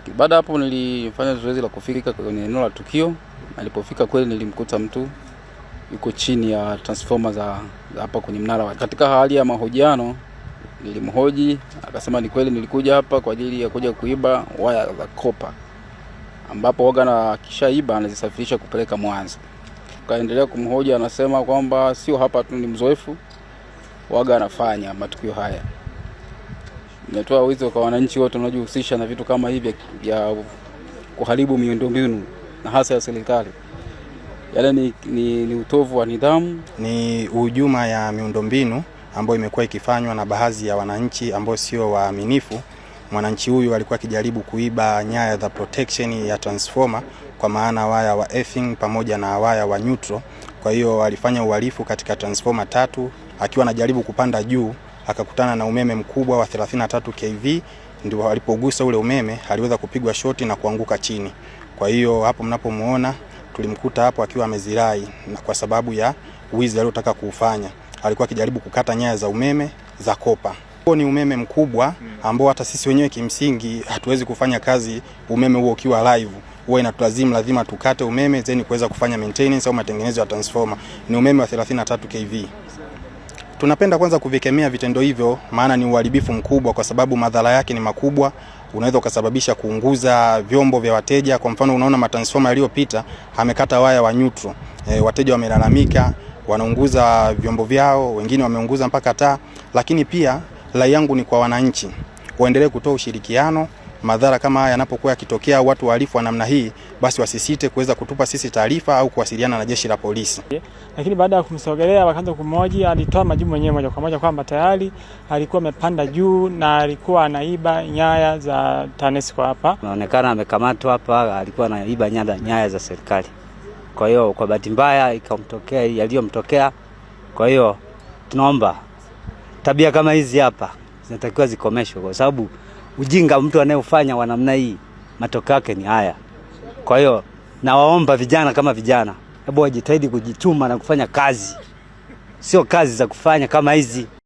Lakini baada hapo nilifanya zoezi la kufika kwenye eneo la tukio. Alipofika kweli nilimkuta mtu yuko chini ya transformer za, hapa kwenye mnara wa. Katika hali ya mahojiano nilimhoji, akasema ni kweli nilikuja hapa kwa ajili ya kuja kuiba waya za kopa ambapo waga na kishaiba anazisafirisha kupeleka Mwanza. Kaendelea kumhoja, anasema kwamba sio hapa tu, ni mzoefu waga anafanya matukio haya inatoa wizo kwa wananchi wote wanaojihusisha na vitu kama hivi vya kuharibu miundombinu na hasa ya serikali. Yale ni, ni, ni utovu wa nidhamu, ni hujuma ya miundombinu ambayo imekuwa ikifanywa na baadhi ya wananchi ambao sio waaminifu. Mwananchi huyu alikuwa akijaribu kuiba nyaya za protection ya transformer kwa maana waya wa earthing pamoja na waya wa neutral. Kwa hiyo alifanya uhalifu katika transformer tatu akiwa anajaribu kupanda juu akakutana na umeme mkubwa wa 33 kV, ndio alipogusa ule umeme aliweza kupigwa shoti na kuanguka chini. Kwa hiyo hapo mnapomuona tulimkuta hapo akiwa amezirai, na kwa sababu ya wizi aliotaka kuufanya, alikuwa akijaribu kukata nyaya za umeme za kopa. Huo ni umeme mkubwa ambao hata sisi wenyewe kimsingi hatuwezi kufanya kazi umeme huo ukiwa live huwa inatulazimu lazima tukate umeme zeni kuweza kufanya maintenance au matengenezo ya transformer. Ni umeme wa 33 kV. Tunapenda kwanza kuvikemea vitendo hivyo, maana ni uharibifu mkubwa, kwa sababu madhara yake ni makubwa. Unaweza ukasababisha kuunguza vyombo vya wateja. Kwa mfano, unaona matransforma yaliyopita amekata waya wa nyutro e, wateja wamelalamika, wanaunguza vyombo vyao, wengine wameunguza mpaka taa. Lakini pia rai yangu ni kwa wananchi waendelee kutoa ushirikiano madhara kama haya yanapokuwa yakitokea, watu wahalifu wa namna hii, basi wasisite kuweza kutupa sisi taarifa au kuwasiliana na jeshi la polisi. Lakini baada ya kumsogelea, wakaanza kumhoji, alitoa majibu mwenyewe moja kwa moja kwamba tayari alikuwa amepanda juu na alikuwa anaiba nyaya za TANESCO hapa. Inaonekana amekamatwa hapa, alikuwa anaiba nyaya za serikali. Kwa hiyo kwa bahati mbaya ikamtokea yaliyomtokea. Kwa hiyo tunaomba tabia kama hizi hapa zinatakiwa zikomeshwe kwa sababu ujinga mtu anayeufanya wa namna hii matokeo yake ni haya. Kwa hiyo nawaomba vijana kama vijana, hebu wajitahidi kujituma na kufanya kazi, sio kazi za kufanya kama hizi.